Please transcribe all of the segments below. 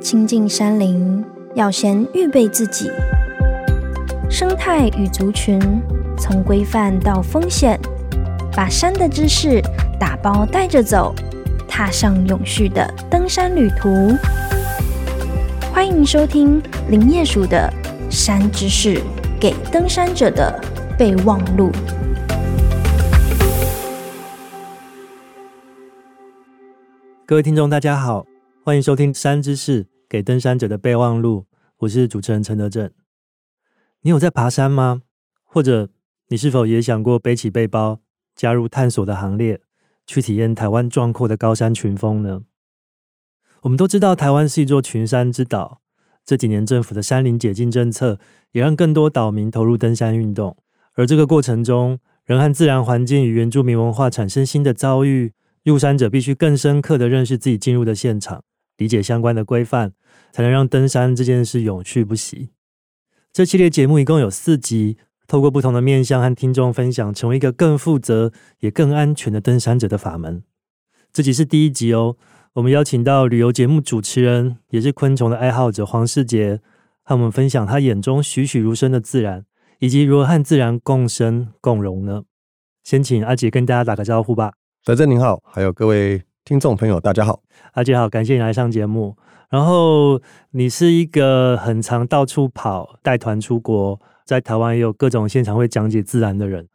親近山林，要先預備自己。生態與族群，從規範到風險，把山的知識打包帶着走，踏上永續的登山旅途。歡迎收聽林業署的《山知識》給登山者的備忘錄。各位聽眾，大家好。歡迎收聽《山知識給登山者的備忘錄。我是主持人陳德政。你有在爬山嗎？或者你是否也想過背起背包，加入探索的行列，去體驗台灣壯闊的高山群峰呢？我們都知道，台灣是一座群山之島。這幾年政府的山林解禁政策，也讓更多島民投入登山運動。而這個過程中，人和自然環境與原住民文化產生新的遭遇。入山者必須更深刻地認識自己進入的現場。理解相關的規範，才能讓登山這件事永續不息。這系列節目一共有四集，透過不同的面向和聽眾分享，成為一個更負責也更安全的登山者的法門。這集是第一集哦。我們邀請到旅遊節目主持人，也是昆蟲的愛好者黃仕傑，和我們分享他眼中栩栩如生的自然，以及如何和自然共生共榮呢？先請阿傑跟大家打個招呼吧。德政您好，還有各位。聽眾朋友，大家好，阿杰好，感謝你來上節目。然後你是一個很常到處跑，帶團出國，在台灣也有各種現場會講解自然的人。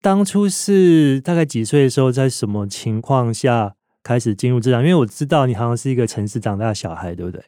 當初是大概幾歲的時候，在什麼情況下開始進入自然？因為我知道你好像是一個城市長大的小孩，對不對？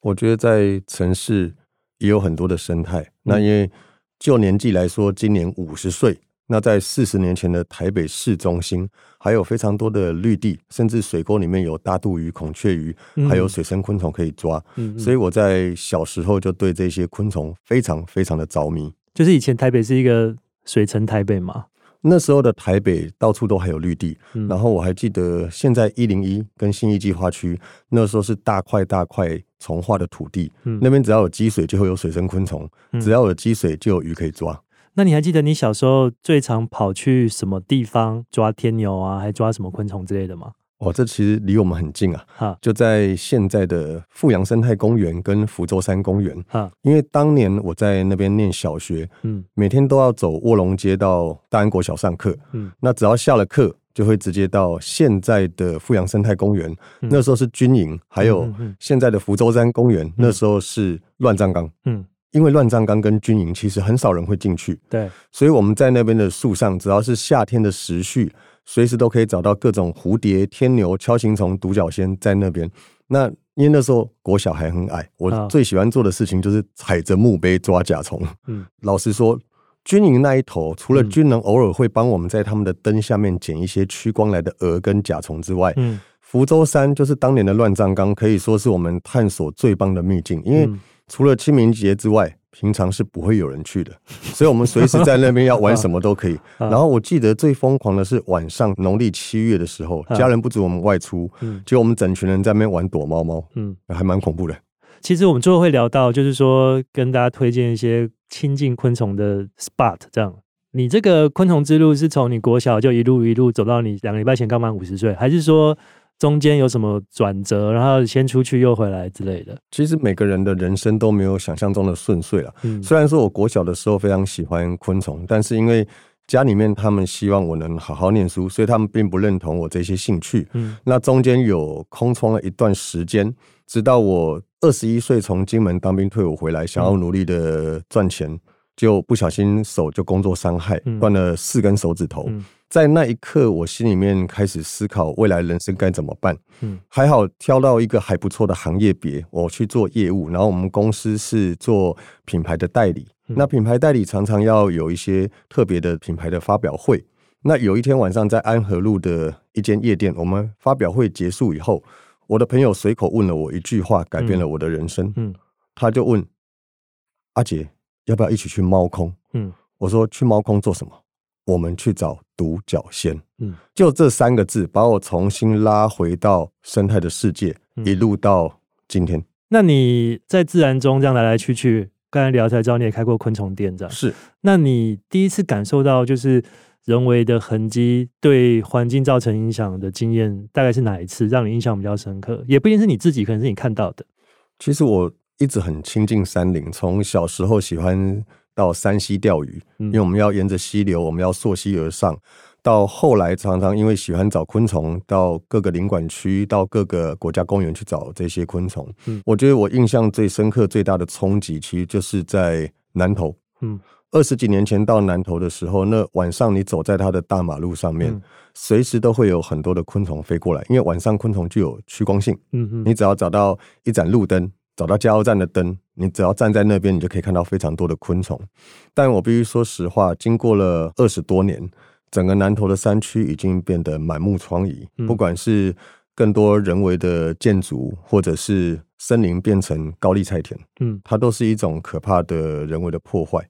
我覺得在城市也有很多的生態。那因為就年紀來說，今年五十歲。那在四十年前的台北市中心，還有非常多的綠地，甚至水溝裡面有大肚魚、孔雀魚，還有水生昆蟲可以抓。嗯嗯，所以我在小時候就對這些昆蟲非常非常的着迷。就是以前台北是一個水城，台北嘛，那時候的台北到處都還有綠地。然後我還記得，現在一零一跟信義計畫區那時候是大塊大塊重劃的土地，那邊只要有積水就會有水生昆蟲，只要有積水就有魚可以抓。那你還記得你小時候最常跑去什麼地方，抓天牛啊，還抓什麼昆蟲之類的嗎？哦，這其實離我們很近啊，哈，就在現在的富陽生態公園跟福州山公園，哈，因為當年我在那邊念小學，嗯，每天都要走臥龍街到大安國小上課，嗯，那只要下了課就會直接到現在的富陽生態公園、嗯，那時候是軍營、嗯嗯嗯，還有現在的福州山公園、嗯，那時候是亂葬崗，嗯。嗯嗯因為亂葬崗跟軍營其實很少人會進去，對，所以我們在那邊的樹上，只要是夏天的時序，隨時都可以找到各種蝴蝶、天牛、鍬形蟲、獨角仙在那邊。那因為那時候國小還很矮，我最喜歡做的事情就是踩着墓碑抓甲蟲。嗯，老實說，軍營那一頭，除了軍人偶爾會幫我們在他們的燈下面撿一些趨光來的蛾跟甲蟲之外，嗯，福州山就是當年的亂葬崗，可以說是我們探索最棒的秘境，因為，除了清明節之外，平常是不會有人去的，所以我們隨時在那邊要玩什麼都可以。 然後我記得最瘋狂的是晚上農曆七月的時候， 家人不准我們外出，嗯，就我們整群人在那邊玩躲貓貓，嗯， 還蠻恐怖的。其實我們最後會聊到，就是說跟大家推薦一些親近昆蟲的 spot，這樣。你這個昆蟲之路是從你國小就一路一路走到你兩個禮拜前剛滿五十歲，還是說？中間有什麼轉折，然後先出去又回來之類的。其實每個人的人生都沒有想象中的順遂了，嗯。雖然說我國小的時候非常喜歡昆蟲，但是因為家裡面他們希望我能好好念書，所以他們並不認同我這些興趣。嗯，那中間有空窗了一段時間，直到我二十一歲從金門當兵退伍回來，想要努力的賺錢。嗯。就不小心手就工作傷害，斷了四根手指頭，嗯嗯、在那一刻，我心裡面開始思考未來人生該怎麼辦，嗯。還好挑到一個還不錯的行業別，我去做業務。然後我們公司是做品牌的代理，嗯、那品牌代理常常要有一些特別的品牌的發表會。那有一天晚上在安和路的一間夜店，我們發表會結束以後，我的朋友隨口問了我一句話，改變了我的人生。嗯，嗯他就問阿杰。要不要一起去貓空？嗯，我說去貓空做什麼？我們去找獨角仙。嗯，就這三個字把我重新拉回到生態的世界，嗯，一路到今天。那你在自然中這樣來來去去，剛才聊才知道你也開過昆蟲店，這樣是。那你第一次感受到就是人為的痕跡對環境造成影響的經驗，大概是哪一次讓你印象比較深刻？也不一定是你自己，可能是你看到的。嗯，其實我。一直很親近山林，從小時候喜歡到山溪釣魚、嗯，因為我們要沿着溪流，我們要溯溪而上。到後來常常因為喜歡找昆蟲，到各個林管區、到各個國家公園去找這些昆蟲、嗯。我覺得我印象最深刻、最大的衝擊，其實就是在南投。二、嗯、十幾年前到南投的時候，那晚上你走在它的大馬路上面，隨、嗯、時都會有很多的昆蟲飛過來，因為晚上昆蟲具有趨光性、嗯。你只要找到一盞路燈。找到加油站的燈，你只要站在那邊，你就可以看到非常多的昆蟲。但我必須說實話，經過了二十多年，整個南投的山區已經變得滿目瘡痍。嗯。不管是更多人為的建築，或者是森林變成高麗菜田，嗯，它都是一種可怕的人為的破壞。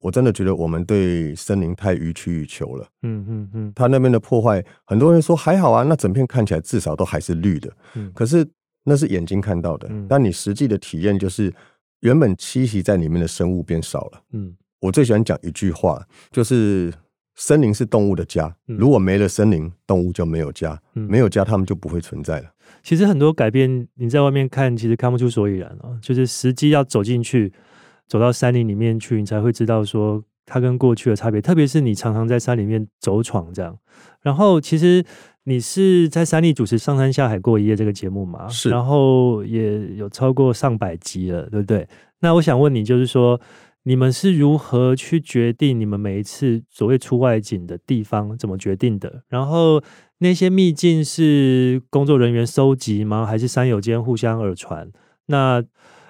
我真的覺得我們對森林太予取予求了。嗯嗯嗯，它那邊的破壞，很多人說還好啊，那整片看起來至少都還是綠的。嗯，可是。那是眼睛看到的，但你實際的體驗就是，原本棲息在裡面的生物變少了。嗯，我最喜歡講一句話，就是森林是動物的家，嗯，如果沒了森林，動物就沒有家，嗯，沒有家，它們就不會存在了。其實很多改變，你在外面看，其實看不出所以然啊、哦。就是實際要走進去，走到山林裡面去，你才會知道說它跟過去的差別。特別是你常常在山裡面走闖這樣，然後其實。你是在三立主持《上山下海過一夜》這個節目嗎？是，然後也有超過上百集了，對不對？那我想問你，就是說，你們是如何去決定你們每一次所謂出外景的地方怎麼決定的？然後那些秘境是工作人員收集嗎？還是山友間互相耳傳？那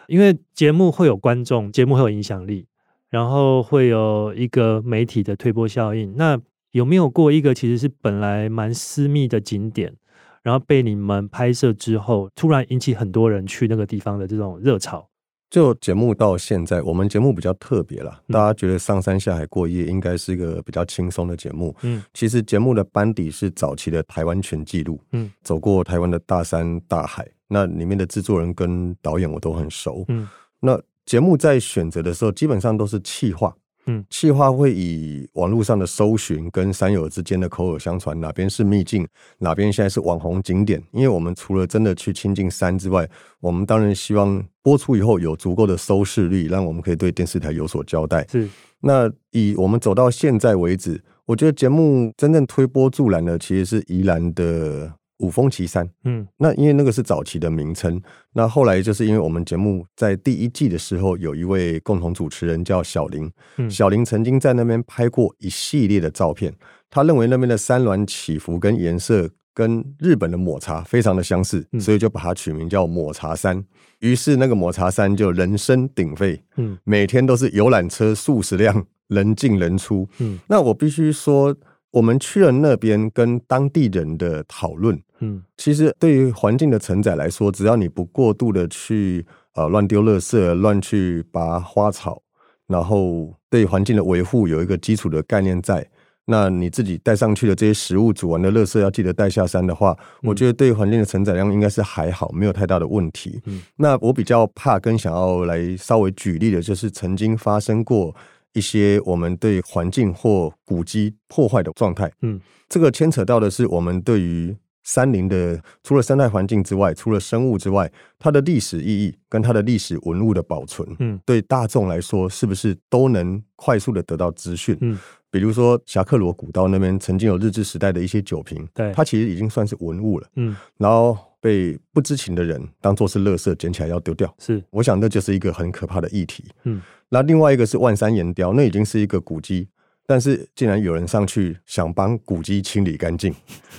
因為節目會有觀眾，節目會有影響力，然後會有一個媒體的推波效應。那有沒有過一個其實是本來蠻私密的景點，然後被你們拍攝之後，突然引起很多人去那個地方的這種熱潮？就節目到現在，我們節目比較特別了，嗯。大家覺得上山下海過夜應該是一個比較輕鬆的節目。嗯，其實節目的班底是早期的台灣全紀錄。嗯，走過台灣的大山大海，那裡面的制作人跟導演我都很熟。嗯，那節目在選擇的時候，基本上都是企劃。嗯，企劃會以網絡上的搜尋跟山友之間的口耳相傳，哪邊是秘境，哪邊現在是網紅景點。因為我們除了真的去親近山之外，我們當然希望播出以後有足夠的收視率，讓我們可以對電視臺有所交代。是，那以我們走到現在為止，我覺得節目真正推波助瀾的其實是宜蘭的。五峰旗山，嗯，那因為那個是早期的名稱，那後來就是因為我們節目在第一季的時候，有一位共同主持人叫小林，嗯，小林曾經在那邊拍過一系列的照片，他認為那邊的山巒起伏跟顏色跟日本的抹茶非常的相似，嗯、所以就把它取名叫抹茶山，於是那個抹茶山就人聲鼎沸，嗯，每天都是遊覽車數十輛，人進人出，嗯，那我必須說。我們去了那邊跟當地人的討論，嗯，其實對於環境的承載來說，只要你不過度的去呃亂丟垃圾、亂去拔花草，然後對環境的維護有一個基礎的概念在，那你自己帶上去的這些食物煮完的垃圾要記得帶下山的話，嗯，我覺得對環境的承載量應該是還好，沒有太大的問題。嗯，那我比較怕跟想要來稍微舉例的就是曾經發生過。一些我們對環境或古蹟破壞的狀態，嗯，這個牽扯到的是我們對於山林的，除了生態環境之外，除了生物之外，它的歷史意義跟它的歷史文物的保存，嗯，對大眾來說是不是都能快速的得到資訊？嗯，比如說霞喀羅古道那邊曾經有日治時代的一些酒瓶，對，它其實已經算是文物了，嗯，然後。被不知情的人當做是垃圾撿起來要丟掉，是我想那就是一個很可怕的議題。嗯，那另外一個是萬山岩雕，那已經是一個古蹟，但是竟然有人上去想幫古蹟清理乾淨，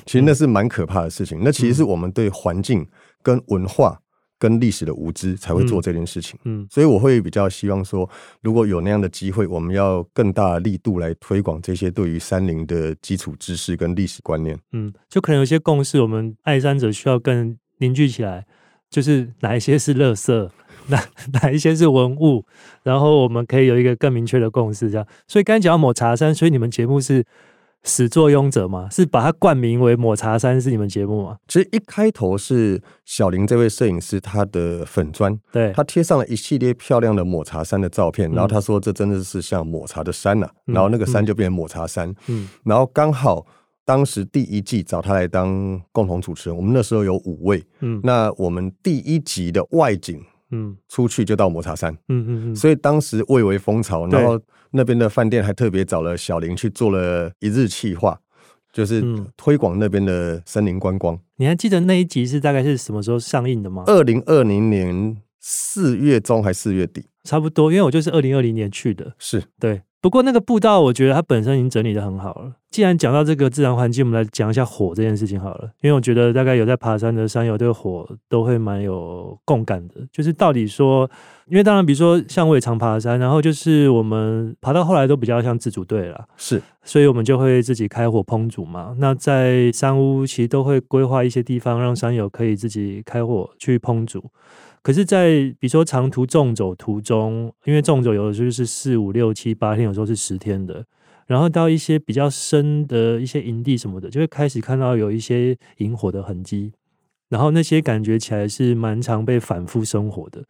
其實那是蠻可怕的事情。嗯，那其實是我們對環境跟文化。跟歷史的無知才會做這件事情。嗯，嗯，所以我會比較希望說，如果有那樣的機會，我們要更大力度來推廣這些對於山林的基礎知識跟歷史觀念，嗯，就可能有些共識，我們愛山者需要更凝聚起來，就是哪一些是垃圾，哪哪一些是文物，然後我們可以有一個更明確的共識，這樣。所以剛剛講抹茶山，所以你們節目是。始作俑者嘛，是把它冠名為抹茶山，是你們節目嗎？其實一開頭是小林這位攝影師，他的粉專，對，他貼上了一系列漂亮的抹茶山的照片，嗯、然後他說這真的是像抹茶的山吶，啊嗯，然後那個山就變成抹茶山，嗯，然後剛好當時第一季找他來當共同主持人，我們那時候有五位，嗯，那我們第一集的外景。嗯，出去就到抹茶山，嗯嗯嗯，所以當時蔚為風潮，然後那邊的飯店還特別找了小林去做了一日企劃，就是推廣那邊的森林觀光，嗯。你還記得那一集是大概是什麼時候上映的嗎？二零二零年四月中還是四月底，差不多，因為我就是二零二零年去的，是對。不過那個步道，我覺得它本身已經整理得很好了。既然講到這個自然環境，我們來講一下火這件事情好了。因為我覺得大概有在爬山的山友對火都會蠻有共感的。就是到底說，因為當然比如說像我也常爬山，然後就是我們爬到後來都比較像自主隊了，是，所以我們就會自己開火烹煮嘛。那在山屋其實都會規劃一些地方，讓山友可以自己開火去烹煮。可是，在比如說長途縱走途中，因為縱走有的時候是四五六七八天，有時候是十天的，然後到一些比較深的一些營地什麼的，就會開始看到有一些營火的痕跡，然後那些感覺起來是蠻常被反覆生火的。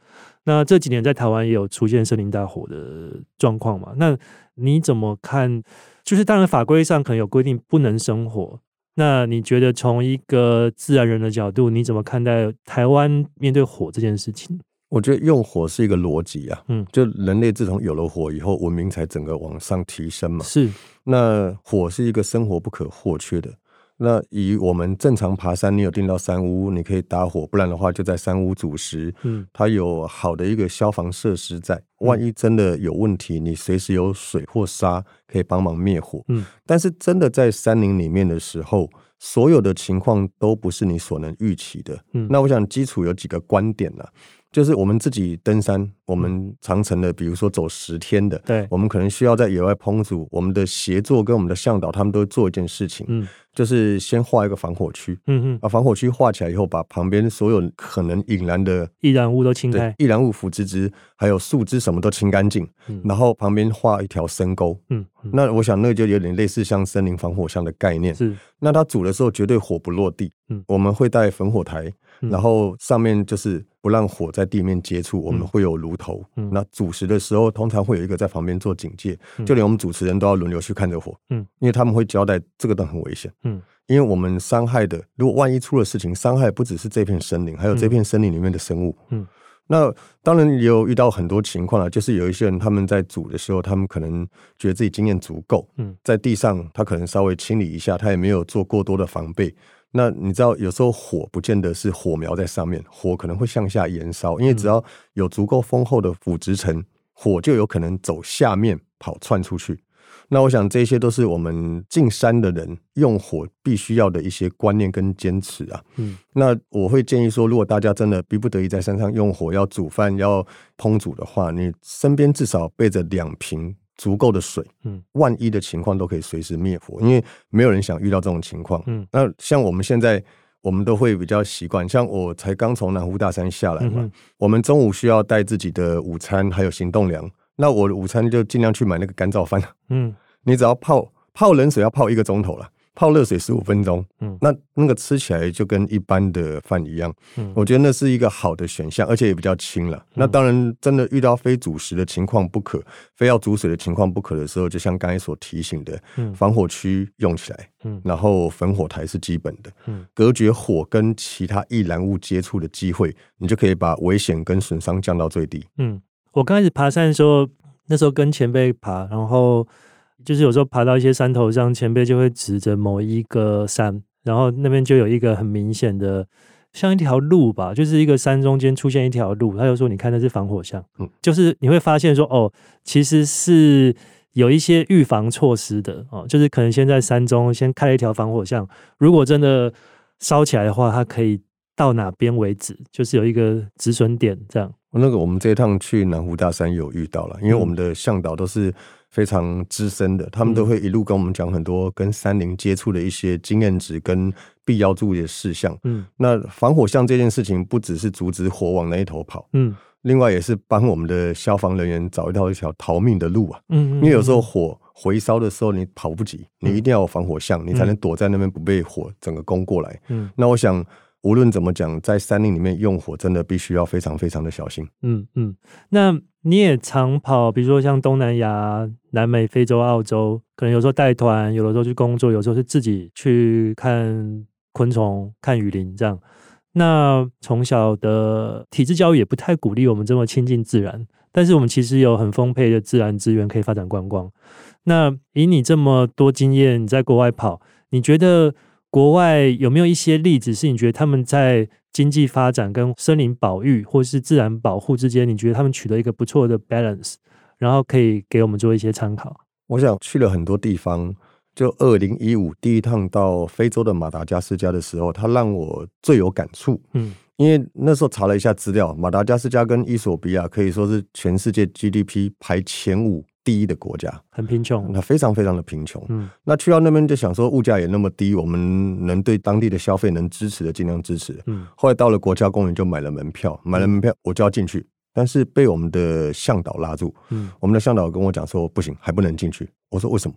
那這幾年在台灣也有出現森林大火的狀況嘛？那你怎麼看？就是當然法規上可能有規定不能生火。那你覺得從一個自然人的角度，你怎麼看待台灣面對火這件事情？我覺得用火是一個邏輯啊，嗯，就人類自從有了火以後，文明才整個往上提升嘛。是，那火是一個生活不可或缺的。那以我們正常爬山，你有訂到山屋，你可以打火，不然的話就在山屋煮食。它，有好的一個消防設施在，萬一真的有問題，你隨時有水或沙可以幫忙滅火。但是真的在山林裡面的時候，所有的情況都不是你所能預期的。那我想基礎有幾個觀點呢、啊？就是我們自己登山，我們長程的，比如說走十天的，對，我們可能需要在野外烹煮。我們的協作跟我們的向導，他們都會做一件事情，嗯，就是先畫一個防火區，嗯嗯、啊，防火區畫起來以後，把旁邊所有可能引燃的易燃物都清開，易燃物、腐殖質、樹枝、還有樹枝什麼都清乾淨，嗯，然後旁邊畫一條深溝，嗯，那我想那就有點類似像森林防火巷的概念，是。那它煮的時候絕對火不落地，嗯，我們會帶焚火台。然後上面就是不讓火在地面接觸，嗯、我們會有爐頭。嗯、那煮食的時候，通常會有一個在旁邊做警戒、嗯，就連我們主持人都要輪流去看着火，嗯，因為他們會交代這個都很危險，嗯，因為我們傷害的，如果萬一出了事情，傷害不只是這片森林，還有這片森林裡面的生物，嗯，那當然也有遇到很多情況了、啊，就是有一些人他們在煮的時候，他們可能覺得自己經驗足夠，嗯，在地上他可能稍微清理一下，他也沒有做過多的防備。那你知道，有時候火不見得是火苗在上面，火可能會向下燃燒，因為只要有足夠豐厚的腐殖層，火就有可能走下面跑竄出去。那我想這些都是我們進山的人用火必須要的一些觀念跟堅持啊。嗯，那我會建議說，如果大家真的逼不得已在山上用火要煮飯，要烹煮的話，你身邊至少備着兩瓶，足夠的水，嗯，萬一的情況都可以隨時滅火，因為沒有人想遇到這種情況，嗯。那像我們現在，我們都會比較習慣，像我才剛從南湖大山下來嘛，嗯，我們中午需要帶自己的午餐還有行動糧，那我的午餐就儘量去買那個乾燥飯，嗯，你只要泡泡冷水要泡一個鐘頭了。泡熱水十五分鐘，嗯，那那個吃起來就跟一般的飯一樣，嗯，我覺得那是一個好的選項，而且也比較輕了，嗯。那當然，真的遇到非煮食的情況不可，非要煮水的情況不可的時候，就像剛才所提醒的，防火區用起來，嗯，然後焚火台是基本的，嗯，隔絕火跟其他易燃物接觸的機會，你就可以把危險跟損傷降到最低。嗯，我剛開始爬山的時候，那時候跟前輩爬，然後。就是有時候爬到一些山頭上，前輩就會指着某一個山，然後那邊就有一個很明顯的，像一條路吧，就是一個山中間出現一條路。他就說：“你看那是防火巷。”嗯，就是你會發現說：“哦，其實是有一些預防措施的哦，就是可能先在山中先開了一條防火巷。如果真的燒起來的話，它可以到哪邊為止，就是有一個止損點。這樣，那個我們這一趟去南湖大山有遇到了，因為我們的向導都是，非常資深的，他們都會一路跟我們講很多跟山林接觸的一些經驗值跟必要注意的事項。嗯，那防火巷這件事情不只是阻止火往那一頭跑，嗯，另外也是幫我們的消防人員找一條逃命的路啊。嗯哼哼，因為有時候火回燒的時候，你跑不及，你一定要有防火巷，嗯，你才能躲在那邊不被火整個攻過來。嗯，那我想。無論怎麼講，在山林裡面用火，真的必須要非常非常的小心。嗯嗯，那你也常跑，比如說像東南亞、南美、非洲、澳洲，可能有時候帶團，有的時候去工作，有時候是自己去看昆蟲、看雨林這樣。那從小的體制教育也不太鼓勵我們這麼親近自然，但是我們其實有很豐沛的自然資源可以發展觀光。那以你這麼多經驗，你在國外跑，你覺得？國外有沒有一些例子，是你覺得他們在經濟發展跟森林保育或是自然保護之間，你覺得他們取得一個不錯的 balance，然後可以給我們做一些參考？我想去了很多地方，就二零一五第一趟到非洲的馬達加斯加的時候，它讓我最有感觸。嗯，因為那時候查了一下資料，馬達加斯加跟伊索比亞可以說是全世界 GDP 排前五。第一的國家很貧窮，那非常非常的貧窮。嗯，那去到那邊就想說物價也那麼低，我們能對當地的消費能支持的盡量支持。嗯，後來到了國家公園就買了門票，買了門票我就要進去，但是被我們的向導拉住。嗯，我們的向導跟我講說不行，還不能進去。我說為什麼？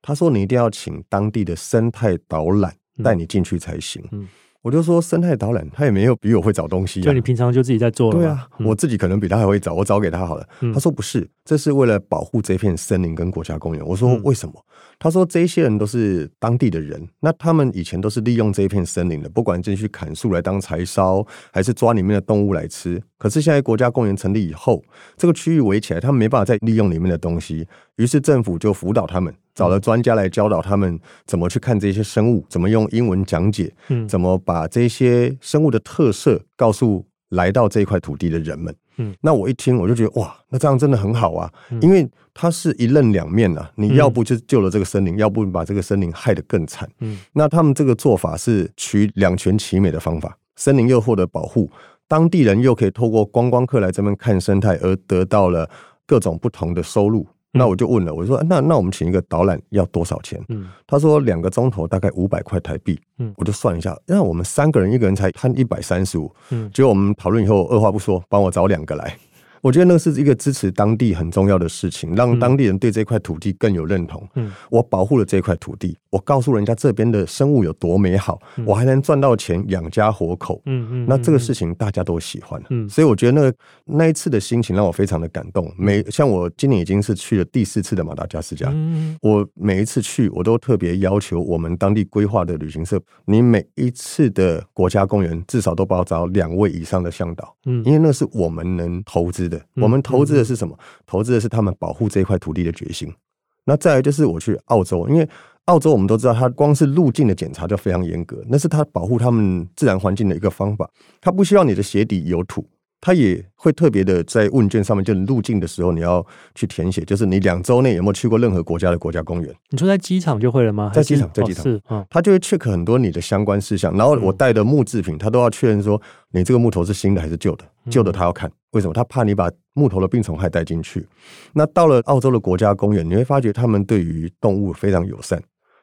他說你一定要請當地的生態導覽帶你進去才行。嗯。嗯我就說生態導覽，他也沒有比我會找東西。就你平常就自己在做。對啊，我自己可能比他還會找，我找給他好了。他說不是，這是為了保護這片森林跟國家公園。我說為什麼？他說這些人都是當地的人，那他們以前都是利用這片森林的，不管進去砍樹來當柴燒，還是抓裡面的動物來吃。可是現在國家公園成立以後，這個區域圍起來，他們沒辦法再利用裡面的東西，於是政府就輔導他們。找了專家來教導他們怎麼去看這些生物，怎麼用英文講解，嗯，怎麼把這些生物的特色告訴來到這塊土地的人們，嗯，那我一聽我就覺得哇，那這樣真的很好啊，嗯、因為它是一刃兩面啊，你要不就救了這個森林，嗯、要不把這個森林害得更慘，嗯，那他們這個做法是取兩全其美的方法，森林又獲得保護，當地人又可以透過觀光客來這邊看生態，而得到了各種不同的收入。那我就問了，我說那那我們請一個導覽要多少錢？嗯，他說兩個鐘頭大概五百塊台幣。嗯，我就算一下，因為我們三個人，一個人才攤一百三十五。結果我們討論以後，二話不說，幫我找兩個來。我覺得那是一個支持當地很重要的事情，讓當地人對這塊土地更有認同。嗯，我保護了這塊土地，我告訴人家這邊的生物有多美好，嗯，我還能賺到錢養家活口。嗯嗯，嗯，那這個事情大家都喜歡啊。嗯，所以我覺得那個，那一次的心情讓我非常的感動。每像我今年已經是去了第四次的馬達加斯加，嗯，嗯，我每一次去我都特別要求我們當地規劃的旅行社，你每一次的國家公園至少都幫我找兩位以上的向導，嗯，因為那是我們能投資的。我們投資的是什麼？嗯嗯、投資的是他們保護這一塊土地的決心。那再來就是我去澳洲，因為澳洲我們都知道，它光是路徑的檢查就非常嚴格，那是它保護他們自然環境的一個方法。它不需要你的鞋底有土，他也會特別的在問卷上面，就入境的時候你要去填寫，就是你兩周內有沒有去過任何國家的國家公園？你說在機場就會了嗎？在機場，在機場，他、哦哦、就會 check 很多你的相關事項。然後我帶的木制品，他、嗯、都要確認說你這個木頭是新的還是舊的，舊、嗯、的他要看為什麼，他怕你把木頭的病蟲害帶進去。那到了澳洲的國家公園，你會發覺他們對於動物非常友善，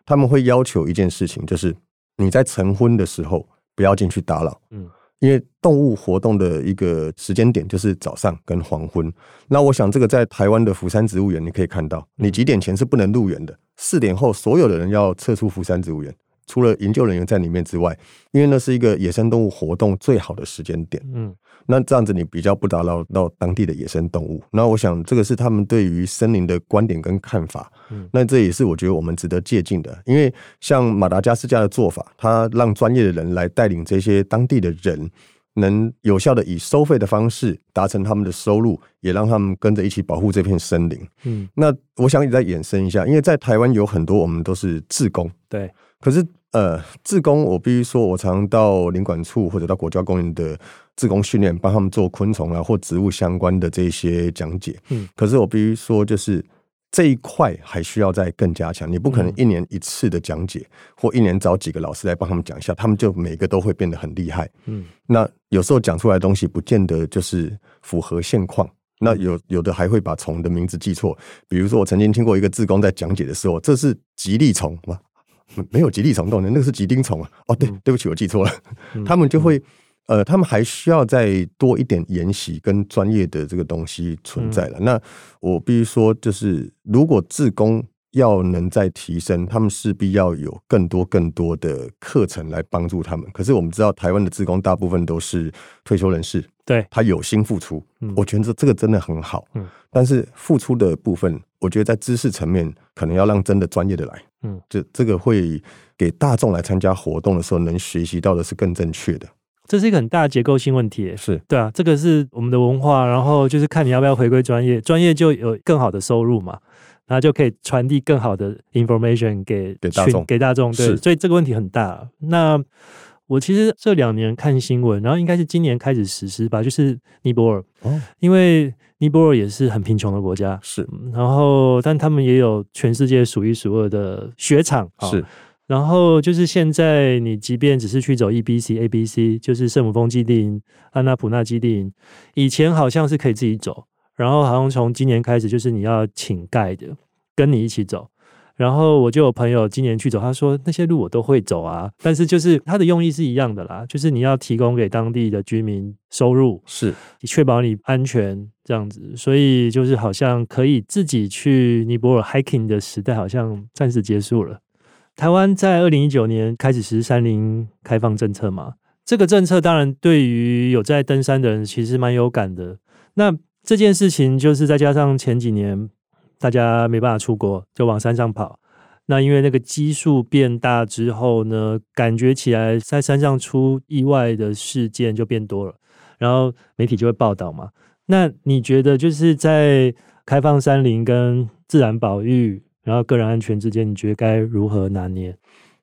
他們會要求一件事情，就是你在晨昏的時候不要進去打擾。嗯。因為動物活動的一個時間點就是早上跟黃昏，那我想這個在台灣的福山植物園你可以看到，你幾點前是不能入園的，四點後所有的人要撤出福山植物園。除了研究人員在裡面之外，因為那是一個野生動物活動最好的時間點，嗯，那這樣子你比較不打擾到當地的野生動物。那我想這個是他們對於森林的觀點跟看法，嗯，那這也是我覺得我們值得借鑑的。因為像馬達加斯加的做法，他讓專業的人來帶領這些當地的人，能有效的以收費的方式達成他們的收入，也讓他們跟着一起保護這片森林。嗯，那我想也再延伸一下，因為在台灣有很多我們都是志工，對，可是。呃，志工，我必須說，我常到林管處或者到國家公園的志工訓練，幫他們做昆蟲啊或植物相關的這些講解。嗯，可是我必須說，就是這一塊還需要再更加強。你不可能一年一次的講解，嗯、或一年找幾個老師來幫他們講一下，他們就每個都會變得很厲害。嗯，那有時候講出來的東西不見得就是符合現況。那有有的還會把蟲的名字記錯。比如說，我曾經聽過一個志工在講解的時候，這是吉利蟲嗎？沒有極地蟲洞的，那個是吉丁蟲啊。哦，對，對不起，我記錯了。嗯、 他們就會，呃，他們還需要再多一點研習跟專業的這個東西存在了、嗯。那我必須說，就是如果志工要能再提升，他們勢必要有更多更多的課程來幫助他們。可是我們知道，台灣的志工大部分都是退休人士。對，他有心付出、嗯，我覺得這個真的很好。嗯，但是付出的部分，我覺得在知識層面，可能要讓真的專業的來。嗯，這這個會給大眾來參加活動的時候，能學習到的是更正確的。這是一個很大的結構性問題。是，對啊，這個是我們的文化。然後就是看你要不要回歸專業，專業就有更好的收入嘛，然後就可以傳遞更好的 information 給給大眾，給大眾。對，所以這個問題很大。那。我其實這兩年看新聞，然後應該是今年開始實施吧，就是尼泊爾、哦，因為尼泊爾也是很貧窮的國家，是。然後，但他們也有全世界數一數二的雪場，哦、是。然後就是現在，你即便只是去走 EBC、ABC，就是聖母峰基地、安娜普納基地，以前好像是可以自己走，然後好像從今年開始，就是你要請 Guide，跟你一起走。然後我就有朋友今年去走，他說，那些路我都會走啊，但是就是他的用意是一樣的啦，就是你要提供給當地的居民收入，是確保你安全這樣子，所以就是好像可以自己去尼泊爾 hiking 的時代好像暫時結束了。台灣在二零一九年開始實施山林開放政策嘛，這個政策當然對於有在登山的人其實蠻有感的。那這件事情就是再加上前幾年。大家沒辦法出國，就往山上跑。那因為那個基數變大之後呢，感覺起來在山上出意外的事件就變多了，然後媒體就會報道嘛。那你覺得就是在開放山林跟自然保育，然後個人安全之間，你覺得該如何拿捏？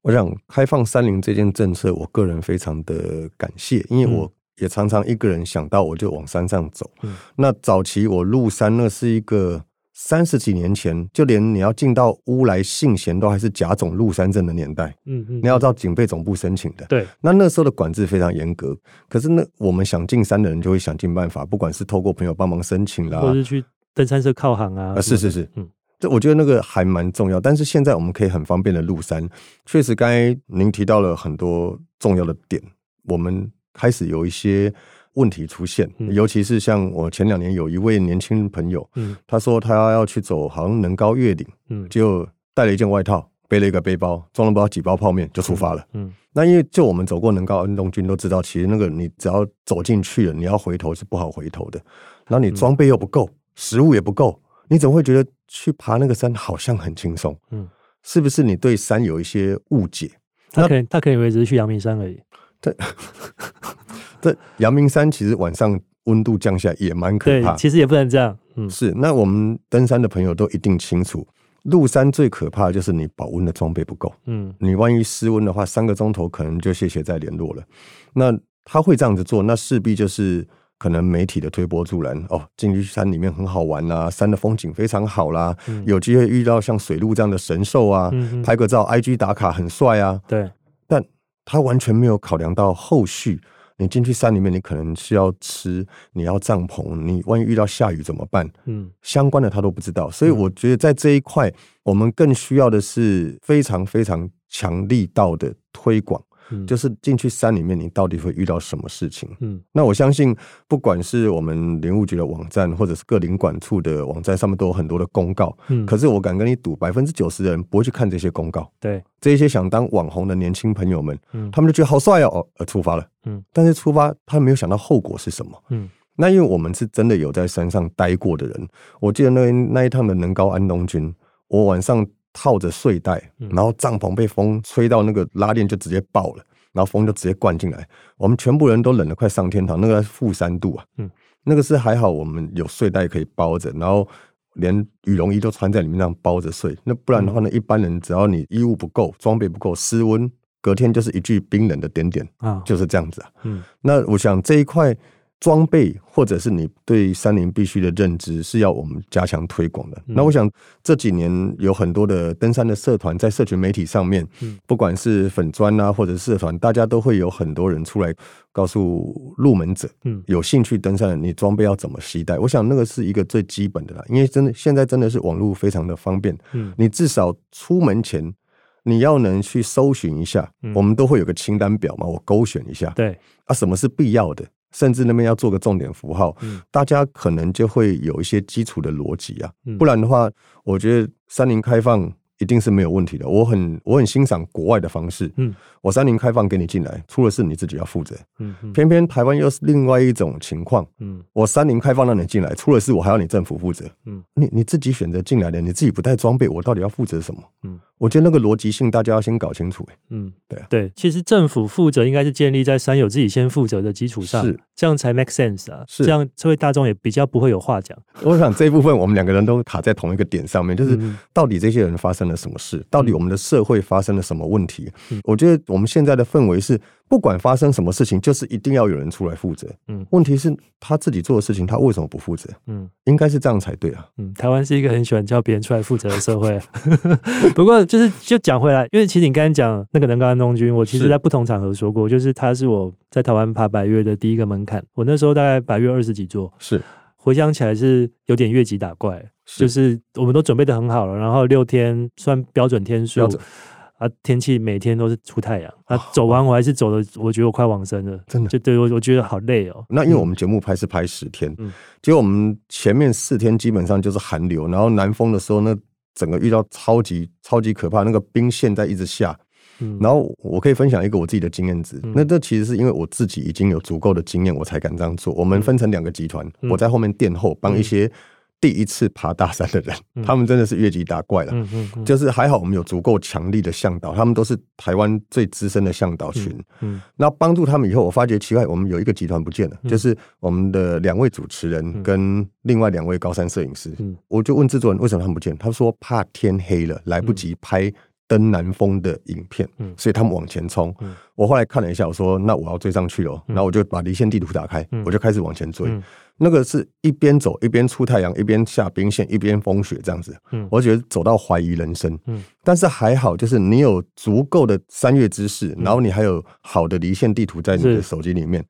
我想開放山林這件政策，我個人非常的感謝，因為我也常常一個人想到我就往山上走。嗯、那早期我入山呢，是一個。三十幾年前，就連你要進到烏來信賢都還是甲種入山證的年代。嗯嗯，嗯，你要到警備總部申請的。對，那那時候的管制非常嚴格。可是那我們想進山的人就會想盡辦法，不管是透過朋友幫忙申請啦、啊，或者是去登山社靠行啊。啊，是是是，嗯，這我覺得那個還蠻重要。但是現在我們可以很方便的入山，確實剛才您提到了很多重要的點，我們開始有一些。問題出現，尤其是像我前兩年有一位年輕朋友、嗯，他說他要去走好像能高越嶺、嗯，就帶了一件外套，背了一個背包，裝了包幾包泡麵就出發了嗯。嗯，那因為就我們走過能高安東軍都知道，其實那個你只要走進去了，你要回頭是不好回頭的。然後你裝備又不夠、嗯，食物也不夠，你怎麼會覺得去爬那個山好像很輕鬆？嗯，是不是你對山有一些誤解？他可能他可能以為只是去陽明山而已。對。 這陽明山其實晚上溫度降下來也蠻可怕，對，其實也不能這樣，嗯，是。那我們登山的朋友都一定清楚，入山最可怕的就是你保溫的裝備不夠，嗯，你萬一失溫的話，三個鐘頭可能就謝謝再聯絡了。那他會這樣子做，那勢必就是可能媒體的推波助瀾哦，進去山裡面很好玩吶、啊，山的風景非常好啦，嗯、有機會遇到像水鹿這樣的神獸啊嗯嗯，拍個照，I G 打卡很帥啊，對。但他完全沒有考量到後續。你進去山裡面，你可能是要吃，你要帳篷，你萬一遇到下雨怎麼辦？嗯，相關的他都不知道，所以我覺得在這一塊，嗯，我們更需要的是非常非常強力道的推廣。就是進去山裡面，你到底會遇到什麼事情？嗯，那我相信，不管是我們林務局的網站，或者是各林管處的網站，上面都有很多的公告。嗯，可是我敢跟你賭，百分之九十的人不會去看這些公告。對，這些想當網紅的年輕朋友們，嗯，他們就覺得好帥哦、啊，呃，出發了。嗯，但是出發他沒有想到後果是什麼。嗯，那因為我們是真的有在山上待過的人，我記得那那一趟的能高安東軍，我晚上。套着睡袋，然後帳篷被風吹到那個拉鏈就直接爆了，然後風就直接灌進來。我們全部人都冷得快上天堂，那個負三度啊、嗯，那個是還好我們有睡袋可以包着，然後連羽絨衣都穿在裡面那樣包着睡。那不然的話呢，一般人只要你衣物不夠，裝備不夠，失溫，隔天就是一具冰冷的點點啊，就是這樣子啊。嗯、那我想這一塊，裝備或者是你對山林必須的認知是要我們加強推廣的。那我想這幾年有很多的登山的社團在社群媒體上面，不管是粉專啊或者社團，大家都會有很多人出來告訴入門者，嗯，有興趣登山的，你裝備要怎麼攜帶？我想那個是一個最基本的了，因為真的現在真的是網絡非常的方便，嗯，你至少出門前你要能去搜尋一下，我們都會有個清單表嘛，我勾選一下，對，啊，什麼是必要的？甚至那邊要做個重點符號，嗯，大家可能就會有一些基礎的邏輯啊，不然的話，我覺得山林開放一定是沒有問題的。我很我很欣賞國外的方式，嗯，我山林開放給你進來，出了事你自己要負責，嗯，嗯，偏偏台灣又是另外一種情況，嗯，我山林開放讓你進來，出了事我還要你政府負責，嗯，你你自己選擇進來的，你自己不帶裝備，我到底要負責什麼？嗯，我覺得那個邏輯性大家要先搞清楚。欸，哎，嗯，對、啊、對，其實政府負責應該是建立在山友自己先負責的基礎上，是這樣才 make sense 啊，是這樣，社會大眾也比較不會有話講。我想這一部分我們兩個人都卡在同一個點上面， 就是到底這些人發生什麼事？到底我們的社會發生了什麼問題？嗯、我覺得我們現在的氛圍是，不管發生什麼事情，就是一定要有人出來負責。嗯，問題是他自己做的事情，他為什麼不負責？嗯，應該是這樣才對啊。嗯，台灣是一個很喜歡叫別人出來負責的社會、啊。 不過、就是，就是就講回來，因為其實你剛剛講那個能高安東軍，我其實在不同場合說過，是就是他是我在台灣爬百岳的第一個門檻。我那時候大概百岳二十幾座，是回想起來是有點越級打怪。是就是我們都準備得很好了，然後六天算標準天數啊，天氣每天都是出太陽啊。走完我還是走的。我覺得我快往生了，真的，就對我，我覺得好累哦、喔。那因為我們節目拍是拍十天，嗯，結果我們前面四天基本上就是寒流，然後南風的時候呢，整個遇到超級超級可怕，那個冰線在一直下。嗯，然後我可以分享一個我自己的經驗值、嗯，那這其實是因為我自己已經有足夠的經驗，我才敢這樣做。我們分成兩個集團、嗯，我在後面殿後，幫、嗯、一些。第一次爬大山的人，嗯、他們真的是越級打怪了、嗯嗯嗯。就是還好我們有足夠強力的向導，他們都是台灣最資深的向導群。那、嗯、幫、嗯、助他們以後，我發覺奇怪，我們有一個集團不見了、嗯，就是我們的兩位主持人跟另外兩位高山攝影師、嗯。我就問制作人為什麼他們不見，他說怕天黑了來不及拍登南峰的影片、嗯嗯，所以他們往前衝、嗯。我後來看了一下，我說那我要追上去了，然後我就把離線地圖打開、嗯，我就開始往前追。嗯嗯那個是一邊走一邊出太陽一邊下冰線一邊風雪這樣子，嗯，我覺得走到懷疑人生，嗯，但是還好，就是你有足夠的山岳知識、嗯，然後你還有好的離線地圖在你的手機裡面，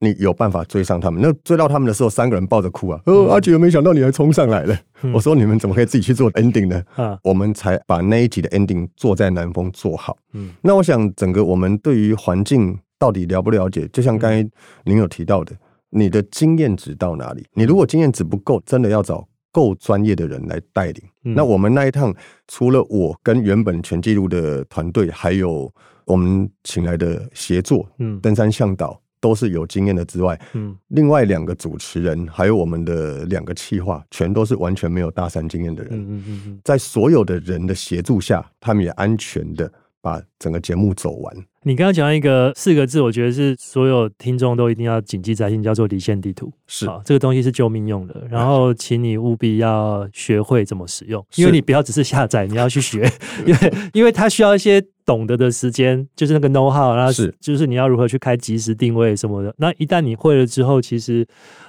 你有辦法追上他們。那追到他們的時候，三個人抱着哭啊、嗯，哦，阿傑，沒想到你還衝上來了、嗯。我說你們怎麼可以自己去做 ending 呢？嗯、我們才把那一集的 ending 做在南峰做好。嗯，那我想整個我們對於環境到底了不了解？就像剛才您有提到的。嗯嗯你的經驗值到哪裡？你如果經驗值不夠，真的要找夠專業的人來帶領。嗯。那我們那一趟，除了我跟原本全記錄的團隊，還有我們請來的協作、登山向導，都是有經驗的之外，嗯。另外兩個主持人，還有我們的兩個企劃，全都是完全沒有大山經驗的人，在所有的人的協助下，他們也安全的把整個節目走完。你剛剛講到一個四個字，我覺得是所有聽眾都一定要謹記在心，叫做“離線地圖”是。是啊，這個東西是救命用的。然後，請你務必要學會怎麼使用，因為你不要只是下載，你要去學， 因為因為它需要一些懂得的時間，就是那個 know how，然後是就是你要如何去開即時定位什麼的。那一旦你會了之後，其實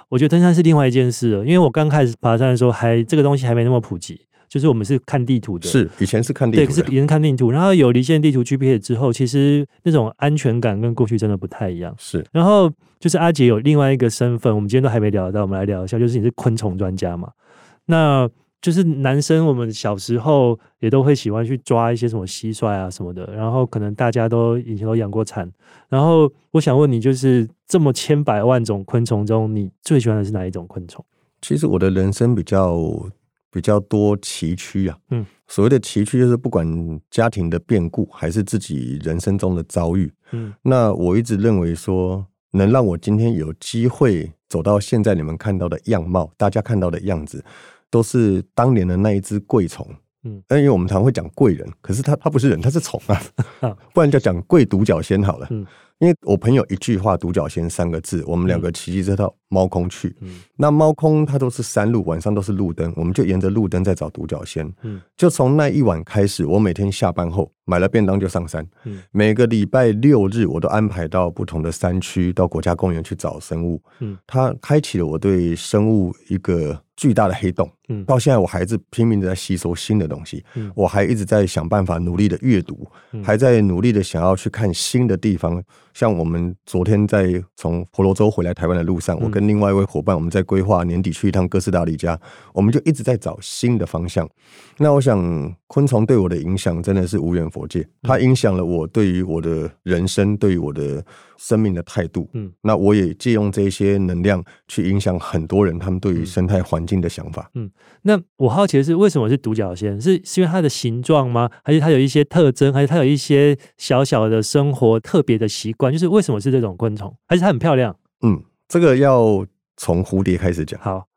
我覺得登山是另外一件事了。因為我剛開始爬山的時候，還這個東西還沒那麼普及。就是我們是看地圖的，是以前是看地圖的，對，可是以前看地圖，然後有離線地圖 GPS 之後，其實那種安全感跟過去真的不太一樣。是，然後就是阿杰有另外一個身份，我們今天都還沒聊到，我們來聊一下，就是你是昆蟲專家嘛？那就是男生，我們小時候也都會喜歡去抓一些什麼蟋蟀啊什麼的，然後可能大家都以前都養過蠶。然後我想問你，就是這麼千百萬種昆蟲中，你最喜歡的是哪一種昆蟲？其實我的人生比較。比較多崎嶇啊，嗯，所謂的崎嶇就是不管家庭的變故，還是自己人生中的遭遇，嗯，那我一直認為說，能讓我今天有機會走到現在，你們看到的樣貌，大家看到的樣子，都是當年的那一隻貴蟲，嗯，因為我們常常會講貴人，可是他他不是人，他是蟲啊， 不然就講貴獨角仙好了，嗯，因為我朋友一句話獨角仙三個字，我們兩個騎機車到、嗯。貓空去，嗯，那貓空它，都是山路，晚上都是路燈，我們就沿着路燈在找獨角仙，嗯，就從那一晚開始，我每天下班後買了便當就上山，嗯，每個禮拜六日我都安排到不同的山區，到國家公園去找生物，嗯，它開啟了我對生物一個巨大的黑洞，嗯，到現在我還是拼命的在吸收新的東西，嗯，我還一直在想辦法努力的閱讀，還在努力的想要去看新的地方，像我們昨天在從婆羅洲回來台灣的路上，我看。跟另外一位夥伴，我們在規劃年底去一趟哥斯達黎加，我們就一直在找新的方向。那我想，昆蟲對我的影響真的是無遠弗屆，嗯、它影響了我對於我的人生、對於我的生命的態度。嗯，那我也借用這些能量去影響很多人，他們對於生態環境的想法嗯。嗯，那我好奇的是，為什麼我是獨角仙？是是因為它的形狀嗎？還是它有一些特徵？還是它有一些小小的生活特別的習慣？就是為什麼是這種昆蟲？還是它很漂亮？嗯。這個要從蝴蝶開始講。好，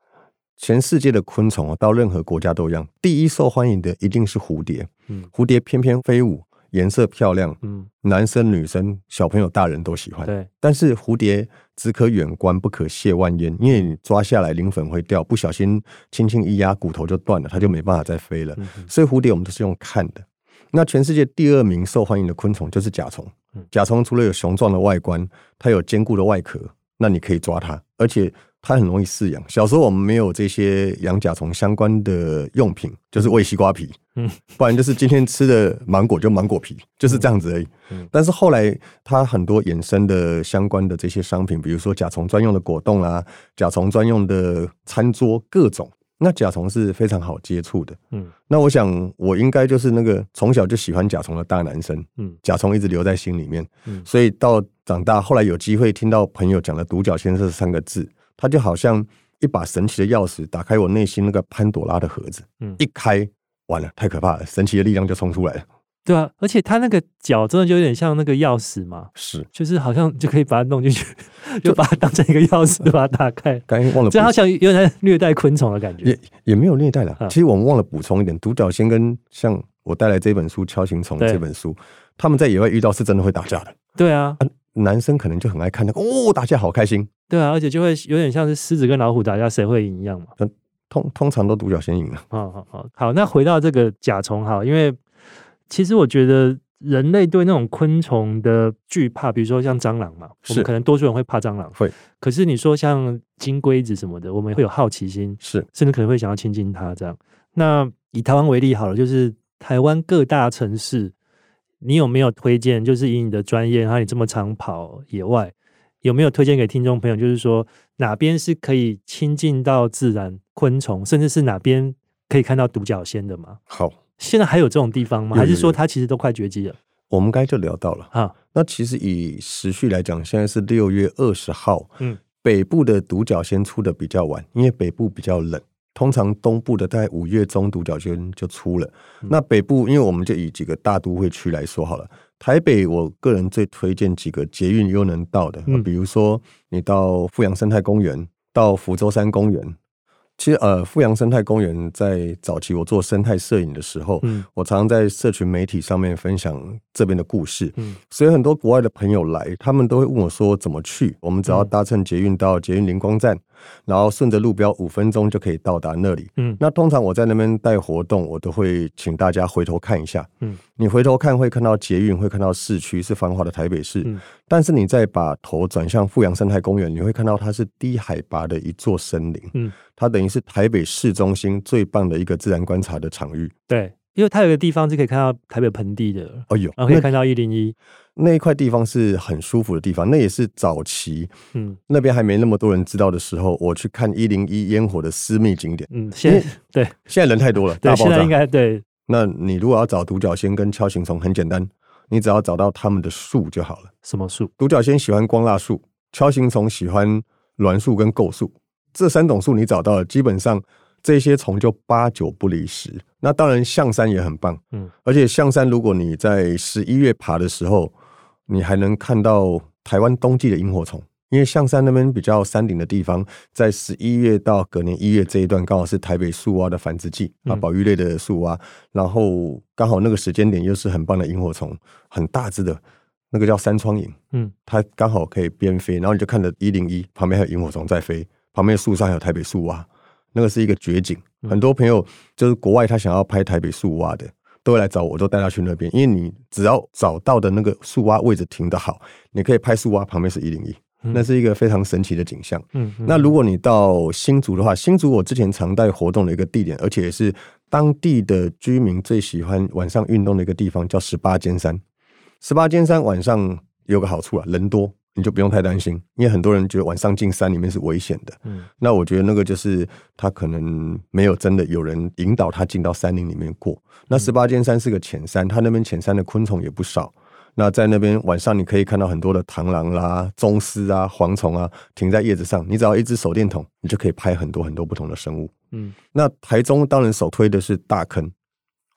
全世界的昆蟲啊、哦，到任何國家都一樣，第一受歡迎的一定是蝴蝶。嗯、蝴蝶翩翩飛舞，顏色漂亮。嗯、男生、女生、小朋友、大人都喜歡。對。但是蝴蝶只可遠觀，不可褻玩焉，因為你抓下來鱗粉會掉，不小心輕輕一壓骨頭就斷了，它就沒辦法再飛了。嗯嗯。所以蝴蝶我們都是用看的。那全世界第二名受歡迎的昆蟲就是甲蟲。嗯、甲蟲除了有雄壯的外觀，它有堅固的外殼。那你可以抓它，而且它很容易飼養。小時候我們沒有這些養甲蟲相關的用品，就是餵西瓜皮，嗯，不然就是今天吃的芒果就芒果皮，就是這樣子而已。嗯，嗯，但是後來它很多衍生的相關的這些商品，比如說甲蟲專用的果凍啊、甲蟲專用的餐桌各種，那甲蟲是非常好接觸的，嗯。那我想我應該就是那個從小就喜歡甲蟲的大男生，嗯，甲蟲一直留在心裡面，嗯，所以到。長大後來有機會聽到朋友講了“獨角仙”這三個字，它就好像一把神奇的鑰匙，打開我內心那個潘朵拉的盒子。嗯，一開完了，太可怕了，神奇的力量就衝出來了。對啊，而且它那個角真的就有點像那個鑰匙嘛。是，就是好像就可以把它弄進去，就， 就把它當成一個鑰匙，呃，把它打開。剛忘了，就好像有點虐待昆蟲的感覺。也也沒有虐待了，嗯。其實我們忘了補充一點，獨角仙跟像我帶來這本書《鍬形蟲》這本書，他們在野外遇到是真的會打架的。對啊。啊男生可能就很愛看那個哦，打架好開心。對啊，而且就會有點像是獅子跟老虎打架誰會贏一樣嘛。通通常都獨角仙贏啊。好好好，好。那回到這個甲蟲哈，因為其實我覺得人類對那種昆蟲的懼怕，比如說像蟑螂嘛，我們可能多數人會怕蟑螂。會。可是你說像金龜子什麼的，我們會有好奇心，是，甚至可能會想要親近它這樣。那以台灣為例好了，就是台灣各大城市。你有沒有推薦？就是以你的專業，然後你這麼常跑野外，有沒有推薦給聽眾朋友？就是說哪邊是可以親近到自然昆蟲，甚至是哪邊可以看到獨角仙的嗎？好，現在還有這種地方嗎？有有有，還是說它其實都快絕跡了？我們剛才就聊到了哈、啊，那其實以時序來講，現在是六月二十號。嗯，北部的獨角仙出的比較晚，因為北部比較冷。通常東部的大概五月中獨角仙就出了。那北部，因為我們就以幾個大都會區來說好了。台北，我個人最推薦幾個捷運又能到的，比如說你到富陽生態公園、到福州山公園。其實，呃，富陽生態公園在早期我做生態攝影的時候，我常常在社群媒體上面分享這邊的故事，所以很多國外的朋友來，他們都會問我說怎麼去。我們只要搭乘捷運到捷運麟光站，然後順着路標，五分鐘就可以到達那裡。嗯，那通常我在那邊帶活動，我都會請大家回頭看一下。嗯，你回頭看會看到捷運，會看到市區是繁華的台北市。嗯，但是你再把頭轉向富陽生態公園，你會看到它是低海拔的一座森林。嗯，它等於是台北市中心最棒的一個自然觀察的場域。對。因為它有一個地方是可以看到台北盆地的，哎呦，然後可以看到一零一那一塊地方是很舒服的地方。那也是早期，嗯，那邊還沒那麼多人知道的時候，我去看一零一煙火的私密景點。嗯，現在、嗯、對，現在人太多了，對，大爆炸，現在應該對。那你如果要找獨角仙跟鍬形蟲，很簡單，你只要找到他們的樹就好了。什麼樹？獨角仙喜歡光蠟樹，鍬形蟲喜歡欒樹跟構樹。這三種樹你找到了，基本上。這些蟲就八九不離十。那當然，象山也很棒，嗯，而且象山如果你在十一月爬的時候，你還能看到台灣冬季的螢火蟲，因為象山那邊比較山頂的地方，在十一月到隔年一月這一段，剛好是台北樹蛙的繁殖季，嗯、啊，保育類的樹蛙，然後剛好那個時間點又是很棒的螢火蟲，很大只的，那個叫山窗螢嗯，它剛好可以邊飛，然後你就看着一零一旁邊還有螢火蟲在飛，旁邊樹上還有台北樹蛙。那個是一個絕景，很多朋友就是國外他想要拍台北樹蛙的、嗯，都會來找我，都帶他去那邊。因為你只要找到的那個樹蛙位置停得好，你可以拍樹蛙旁邊是一零一，那是一個非常神奇的景象。嗯，那如果你到新竹的話，新竹我之前常帶活動的一個地點，而且也是當地的居民最喜歡晚上運動的一個地方，叫十八尖山。十八尖山晚上有個好處啊，人多。你就不用太擔心，因為很多人覺得晚上進山裡面是危險的。嗯，那我覺得那個就是他可能沒有真的有人引導他進到山林裡面過。那十八尖山是個淺山，它、嗯、那邊淺山的昆蟲也不少。那在那邊晚上你可以看到很多的螳螂啦、螽斯啊、蝗蟲啊，停在葉子上。你只要一只手電筒，你就可以拍很多很多不同的生物。嗯，那台中當然首推的是大坑，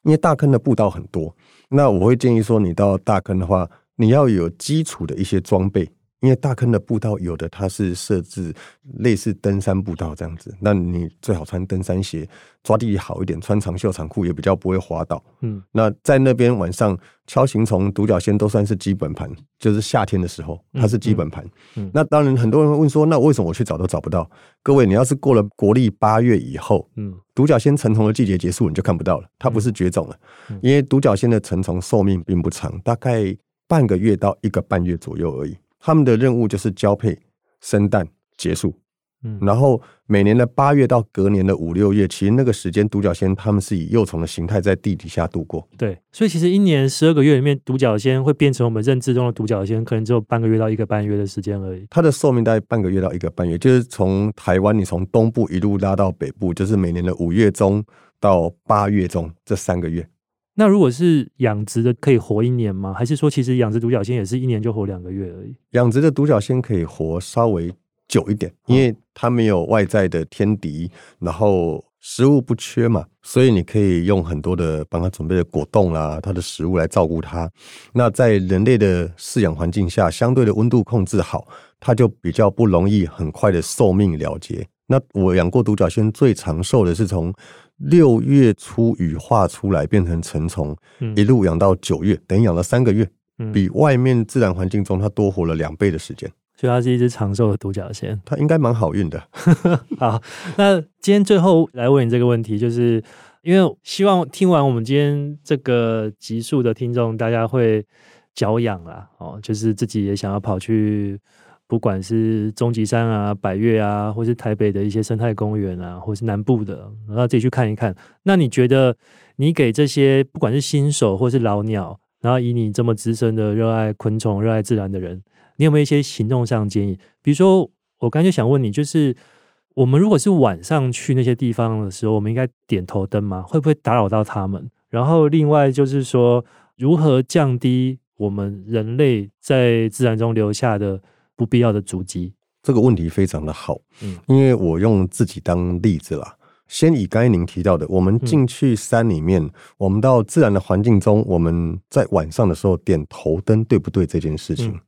因為大坑的步道很多。那我會建議說，你到大坑的話，你要有基礎的一些裝備。因為大坑的步道有的它是設置類似登山步道這樣子，那你最好穿登山鞋，抓地力好一點，穿長袖長褲也比較不會滑倒。嗯，那在那邊晚上鍬形蟲、獨角仙都算是基本盤，就是夏天的時候它是基本盤，嗯嗯。嗯，那當然很多人會問說，那為什麼我去找都找不到？各位，你要是過了國曆八月以後，嗯，獨角仙成蟲的季節結束，你就看不到了。它不是絕種了，因為獨角仙的成蟲壽命並不長，大概半個月到一個半月左右而已。他們的任務就是交配、生蛋、結束。嗯，然後每年的八月到隔年的五六月，其實那個時間獨角仙他們是以幼蟲的形態在地底下度過。對，所以其實一年十二個月裡面，獨角仙會變成我們認知中的獨角仙，可能只有半個月到一個半月的時間而已。它的壽命大概半個月到一個半月，就是從台灣你從東部一路拉到北部，就是每年的五月中到八月中這三個月。那如果是養殖的，可以活一年嗎？還是說，其實養殖獨角仙也是一年就活兩個月而已？養殖的獨角仙可以活稍微久一點，因為它沒有外在的天敵，哦、然後食物不缺嘛，所以你可以用很多的幫他準備的果凍啦、啊，他的食物來照顧他。那在人類的飼養環境下，相對的溫度控制好，它就比較不容易很快的壽命了結。那我養過獨角仙最長壽的是從。六月初羽化出來變成成蟲，一路養到九月，嗯、等養了三個月、嗯，比外面自然環境中它多活了兩倍的時間，所以它是一隻長壽的獨角仙。它應該蠻好運的。 好，那今天最後來問你這個問題，就是因為希望聽完我們今天這個集數的聽眾，大家會腳癢啦，哦，就是自己也想要跑去。不管是中級山啊，百岳啊，或是台北的一些生態公園啊，或是南部的，然後自己去看一看。那你覺得，你給這些不管是新手或是老鳥，然後以你這麼資深的熱愛昆蟲、熱愛自然的人，你有沒有一些行動上的建議？比如說，我剛就想問你，就是我們如果是晚上去那些地方的時候，我們應該點頭燈嗎？會不會打擾到他們？然後另外就是說，如何降低我們人類在自然中留下的？不必要的足跡，這個問題非常的好。嗯，因為我用自己當例子啦。先以剛才您提到的，我們進去山裡面、嗯，我們到自然的環境中，我們在晚上的時候點頭燈，對不對？這件事情、嗯，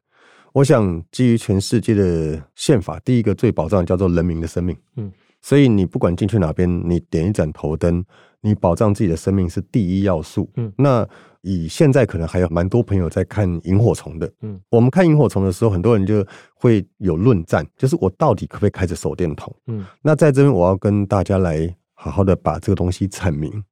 我想基於全世界的憲法，第一個最保障叫做人民的生命。嗯，所以你不管進去哪邊，你點一盞頭燈，你保障自己的生命是第一要素。嗯，那。以現在可能還有蠻多朋友在看螢火蟲的，嗯，我們看螢火蟲的時候，很多人就會有論戰，就是我到底可不可以開着手電筒？嗯，那在這邊我要跟大家來好好的把這個東西闡明。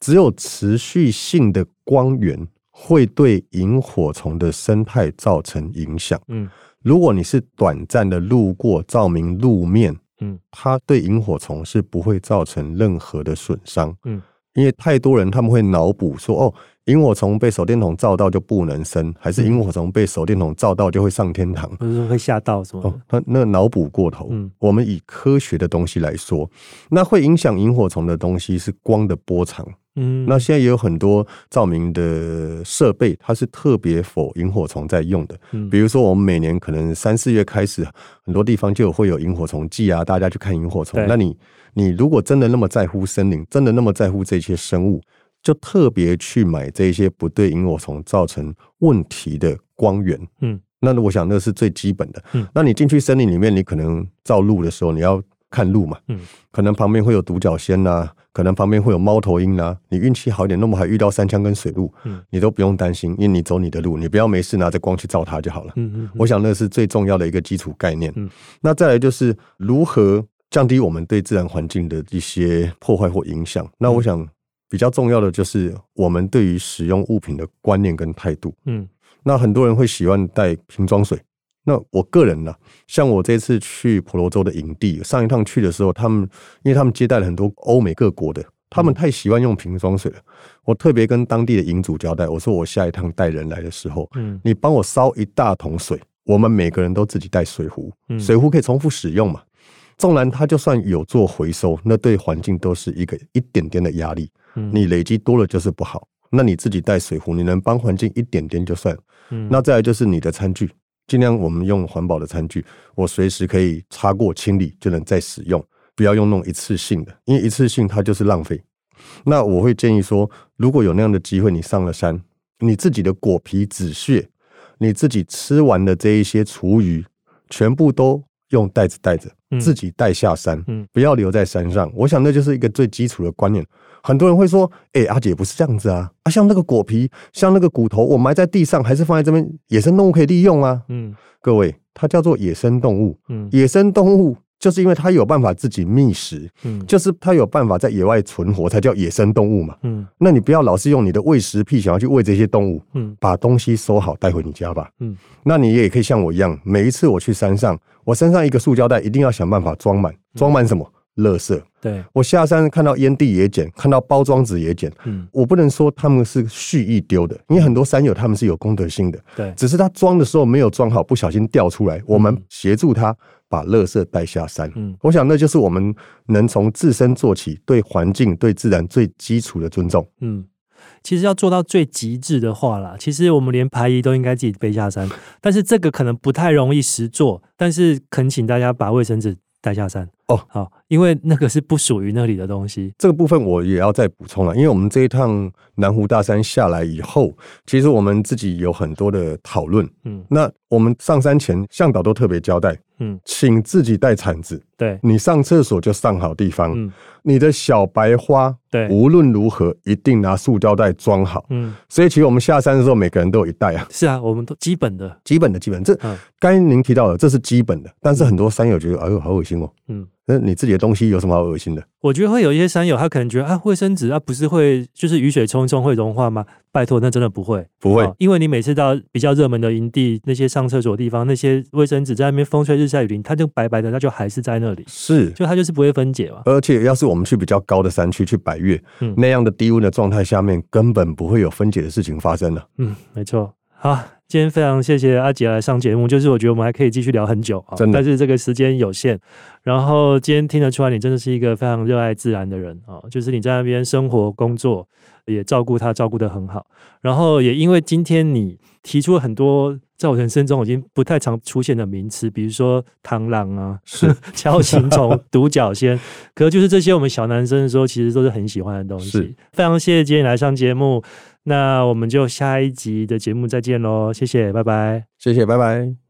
只有持續性的光源會對螢火蟲的生態造成影響。嗯，如果你是短暫的路過照明路面，嗯，它對螢火蟲是不會造成任何的損傷。嗯，因為太多人他們會腦補說哦。螢火蟲被手電筒照到就不能生，還是螢火蟲被手電筒照到就會上天堂？就、嗯、是、哦、會嚇到是嗎？哦，那個、腦補過頭、嗯。我們以科學的東西來說，那會影響螢火蟲的東西是光的波長。嗯，那現在也有很多照明的設備，它是特別 for 螢火蟲在用的。嗯，比如說我們每年可能三四月開始，很多地方就會有螢火蟲季啊，大家去看螢火蟲。那你你如果真的那麼在乎森林，真的那麼在乎這些生物。就特別去買這些不對螢火蟲造成問題的光源，嗯，那我想那是最基本的，嗯，那你進去森林裡面，你可能照路的時候，你要看路嘛，嗯，可能旁邊會有獨角仙吶，可能旁邊會有貓頭鷹啦、啊，你運氣好一點，那麼還遇到山羌跟水鹿，嗯，你都不用擔心，因為你走你的路，你不要沒事拿着光去照它就好了，嗯嗯，嗯，我想那是最重要的一個基礎概念，嗯，嗯，那再來就是如何降低我們對自然環境的一些破壞或影響，嗯嗯那我想。比較重要的就是我們對於使用物品的觀念跟態度。嗯，那很多人會喜歡帶瓶裝水。那我個人呢，啊，像我這次去婆羅洲的營地，上一趟去的時候，他們因為他們接待了很多歐美各國的，他們太喜歡用瓶裝水了。嗯，我特別跟當地的營主交代，我說我下一趟帶人來的時候，嗯，你幫我燒一大桶水，我們每個人都自己帶水壺，嗯，水壺可以重複使用嘛。縱然它就算有做回收，那對環境都是一個一點點的壓力。你累積多了就是不好。那你自己帶水壺，你能幫環境一點點就算了、嗯。那再來就是你的餐具，儘量我們用環保的餐具。我隨時可以擦過清理就能再使用，不要用那種一次性的，因為一次性它就是浪費。那我會建議說，如果有那樣的機會，你上了山，你自己的果皮、紙屑，你自己吃完的這一些廚餘，全部都用袋子帶着，自己帶下山、嗯，不要留在山上、嗯。我想那就是一個最基礎的觀念。很多人會說：“哎、欸，阿姐不是這樣子啊！啊，像那個果皮，像那個骨頭，我埋在地上還是放在這邊，野生動物可以利用啊。”嗯，各位，它叫做野生動物。嗯，野生動物就是因為它有辦法自己覓食。嗯，就是它有辦法在野外存活，才叫野生動物嘛。嗯，那你不要老是用你的餵食癖想要去餵這些動物。嗯，把東西收好帶回你家吧。嗯，那你也可以像我一樣，每一次我去山上，我身上一個塑膠袋一定要想辦法裝滿，裝滿什麼？嗯垃圾，對，我下山看到菸蒂也撿，看到包裝紙也撿。嗯，我不能說他們是蓄意丟的，因為很多山友他們是有功德心的。對，只是他裝的時候沒有裝好，不小心掉出來。嗯，我們協助他把垃圾帶下山。嗯，我想那就是我們能從自身做起，對環境、對自然最基礎的尊重。嗯，其實要做到最極致的話啦，其實我們連排遺都應該自己背下山， 但是這個可能不太容易實做。但是懇請大家把衛生紙帶下山。哦、oh，好，因為那個是不屬於那裡的東西。這個部分我也要再補充了，因為我們這一趟南湖大山下來以後，其實我們自己有很多的討論。嗯，那我們上山前，向導都特別交代，嗯，請自己帶鏟子。對，你上廁所就上好地方。嗯，你的小白花，對，無論如何一定拿塑膠袋裝好。嗯，所以其實我們下山的時候，每個人都有一袋啊。是啊，我們都基本的，基本的基本的。這剛、嗯、才您提到的，這是基本的，但是很多山友覺得，嗯、哎呦，好噁心哦、喔。嗯，那你自己的東西有什麼好惡心的？我覺得會有一些山友，他可能覺得啊，衛生紙它、啊、不是會就是雨水沖一沖會融化嗎？拜托，那真的不會，不會，哦、因為你每次到比較熱門的營地，那些上廁所的地方，那些衛生紙在外面風吹日曬雨淋，它就白白的，它就還是在那裡，是，就它就是不會分解嘛。而且要是我們去比較高的山區去百岳、嗯，那樣的低溫的狀態下面，根本不會有分解的事情發生呢。嗯，沒錯。好。今天非常謝謝阿杰來上節目，就是我覺得我們還可以繼續聊很久啊、哦，但是這個時間有限。然後今天聽得出來，你真的是一個非常熱愛自然的人啊、哦，就是你在那邊生活、工作，也照顧他照顧得很好。然後也因為今天你提出了很多在我人生中已經不太常出現的名詞，比如說螳螂啊、是鍬形蟲、獨 角仙，可是就是這些我們小男生的時候其實都是很喜歡的東西。非常謝謝今天你來上節目。那我們就下一集的節目再見嘍，謝謝，拜拜，謝謝，拜拜。